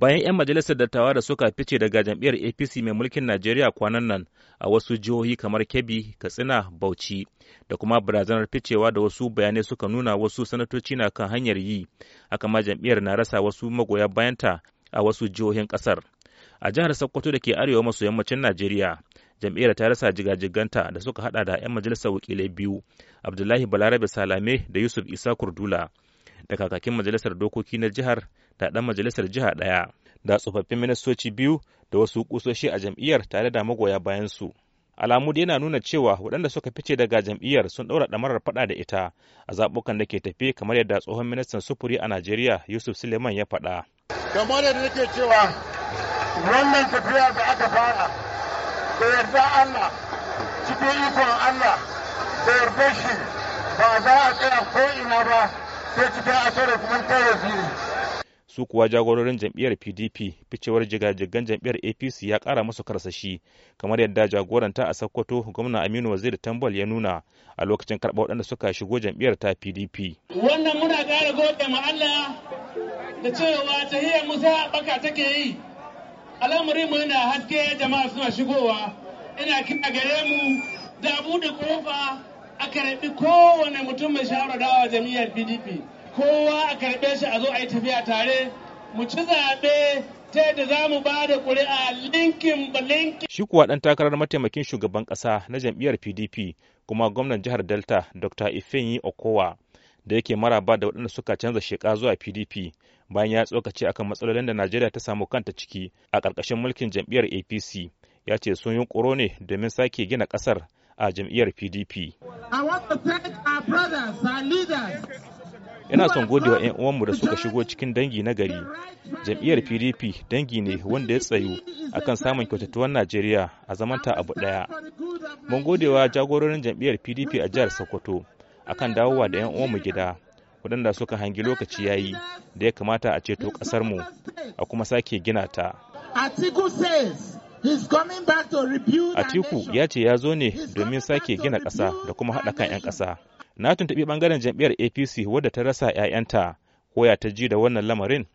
bayan 'yan majalisar dattawa da suka fice daga jam'iyyar apc mai mulkin najeriya kwanan nan a wasu jihohi kamar kebbi katsina bauchi da kuma barazanar ficewa da wasu bayanai suka nuna wasu sanatoci na kan hanyar yi haka ma jam'iyyar na rasa wasu magoya bayanta a wasu jihohin kasar a jihar sokoto da ke arewa maso yammacin najeriya jam'iyyar ta rasa jigajiganta da suka hada da 'yan majalisar wakilai biyu abdullahi balarabe salame da yusuf isa kurdula da kakakin majalisar dokoki na jihar da ɗan majalisar jiha daya da tsofaffin ministoci biyu da wasu kusoshi a jam'iyyar tare da magoya bayan su. Alamu yana nuna cewa waɗanda suka fice daga jam'iyyar sun ɗaura ɗamarar faɗa da ita a zaɓukan da ke tafe kamar yadda tsohon ministan sufuri a Najeriya Yusuf Suleiman ya faɗa. Kamar yadda nake cewa wannan tafiya da aka fara da yarda Allah cikin ikon Allah da yarda shi ba za a tsaya ko ina ba sai cikin asarar kuma tare su kuwa jagororin jam'iyyar pdp ficewar jigajigan jam'iyyar apc ya kara musu karsashi kamar yadda jagoranta a sokoto gwamna aminu wazir tambal ya nuna a lokacin karɓa waɗanda suka shigo jam'iyyar ta pdp wannan muna gare gode ma allah da cewa hiyar musa baka take yi al'amarin mu yana haske jama'a suna shigowa ina kira gare mu da buɗe kofa a karɓi kowane mutum mai shahararrawa dawa jam'iyyar pdp kowa a karɓe shi a zo a yi tafiya tare mu ci zaɓe ta yadda za mu ba da ƙuri'a linkin ba linkin. Shi kuwa ɗan takarar mataimakin shugaban ƙasa na jam'iyyar PDP kuma gwamnan jihar Delta Dr. Ifeanyi Okowa da yake maraba da waɗanda suka canza sheka zuwa PDP bayan ya tsokace akan matsalolin da Najeriya ta samu kanta ciki a ƙarƙashin mulkin jam'iyyar APC ya ce sun yi ƙoro ne domin sake gina ƙasar a jam'iyyar PDP. I want to thank our brothers, our leaders, ina son gode wa 'yan uwanmu da suka shigo cikin dangi na gari jam'iyyar pdp dangi ne wanda ya tsayu akan samun kyautatuwan najeriya a zamanta abu daya mun gode wa jagororin jam'iyyar pdp a jihar sokoto akan dawowa da 'yan uwanmu gida waɗanda suka hangi lokaci yayi da ya kamata a ceto ƙasar mu a kuma sake gina ta atiku ya ce ya zo ne domin sake gina ƙasa da kuma haɗa kan 'yan ƙasa na tuntuɓi ɓangaren jam'iyyar apc wadda ta rasa 'ya'yanta koya ta ji da wannan lamarin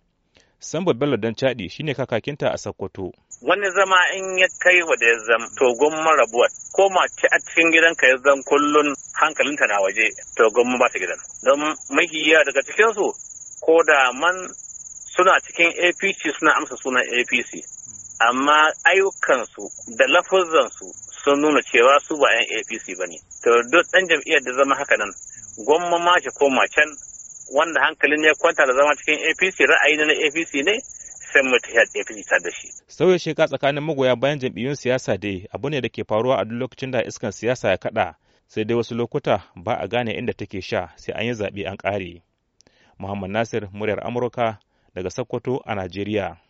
sambo bello don caɗi shine kakakinta a sokoto wani zama in ya kai wa da ya zama togon marabuwa ko mace a cikin gidanka ya zama kullun hankalinta na waje togon ba ta gidan don mahiya daga cikinsu ko da man suna cikin apc suna amsa sunan apc amma ayyukansu da lafuzansu sun nuna cewa su ba 'yan apc ba ne to duk ɗan jam'iyyar da zama haka nan gwamma ma shi koma wanda hankalin ya kwanta da zama cikin apc ra'ayi na apc ne sai mu ta apc ta shi sauya sheka tsakanin magoya bayan jam'iyyun siyasa dai abu ne da ke faruwa a duk lokacin da iskan siyasa ya kaɗa sai dai wasu lokuta ba a gane inda take sha sai an yi zaɓe an ƙare muhammad nasir muryar amurka daga sokoto a najeriya